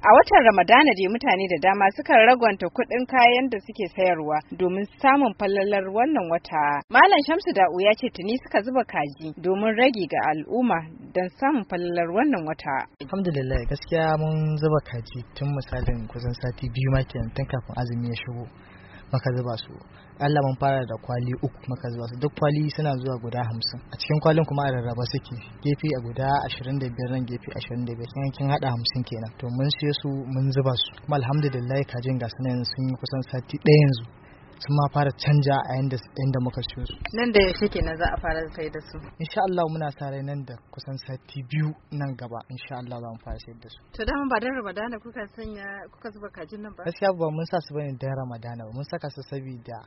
A watan Ramadana dai mutane da dama suka ragwanta kuɗin kayan da suke sayarwa domin samun fallalar wannan wata. Malam Shamsu Da'u ya ce tuni suka zuba kaji domin rage ga al'umma don samun fallalar wannan wata. Alhamdulillah gaskiya mun zuba kaji tun misalin kusan sati biyu ma kenan tun kafin azumi ya shigo. maka zuba su Allah mun fara da kwali uku maka zuba su duk kwali suna zuwa guda hamsin a cikin kwalin kuma a rarraba suke gefe a guda ashirin da biyar nan gefe ashirin da biyar yankin haɗa hamsin kenan to mun siyo su mun zuba su kuma alhamdulillah kajin gasu nan sun yi kusan sati ɗaya yanzu sun ma fara canja a yadda muka siyo su nan da yaushe kenan za a fara sai da su insha Allah muna sa rai nan da kusan sati biyu nan gaba insha Allah za mu fara sayar da su to dama ba dan Ramadana kuka sanya kuka zuba kajin nan ba gaskiya ba mun sa su bane dan Ramadana ba mun saka su saboda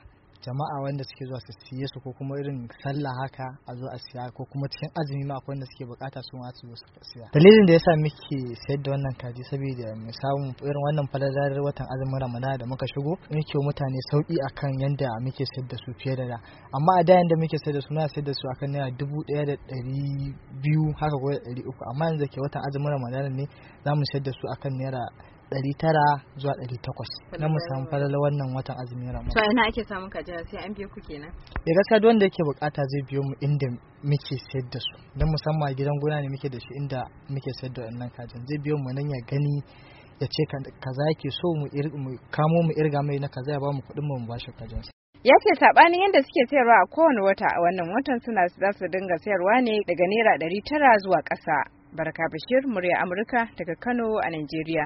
jama'a wanda suke zuwa su siye su ko kuma irin sallah haka a zo a siya ko kuma cikin azumi ma akwai wanda suke bukata su ma su zo su siya dalilin da yasa muke sayar da wannan kaji saboda mu samu irin wannan falalar watan azumin ramadana da muka shigo muke mutane sauki akan yanda muke sayar da su fiye da da amma a da yanda muke sayar da su na sayar da su akan naira dubu ɗaya da ɗari biyu haka ko ɗari uku amma yanzu ke watan azumin ramadana ne zamu sayar da su akan naira 900 zuwa 800 na musamman falala wannan watan azumin ramadan to ina ake samun kaji sai an biyo ku kenan Ya eh, gaskiya wanda yake bukata zai biyo mu inda muke sayar da su dan musamman a gidan gona ne muke da shi inda muke sayar da wannan kajin zai biyo mu nan ya gani ya ce kaza yake so mu kamo mu irga mai na kaza ya ba mu kuɗin mu ba shi kajin ya ce saɓanin yadda suke sayarwa a kowane wata a wannan watan suna za su dinga sayarwa ne daga naira ɗari tara zuwa ƙasa barka bashir murya amurka daga kano a najeriya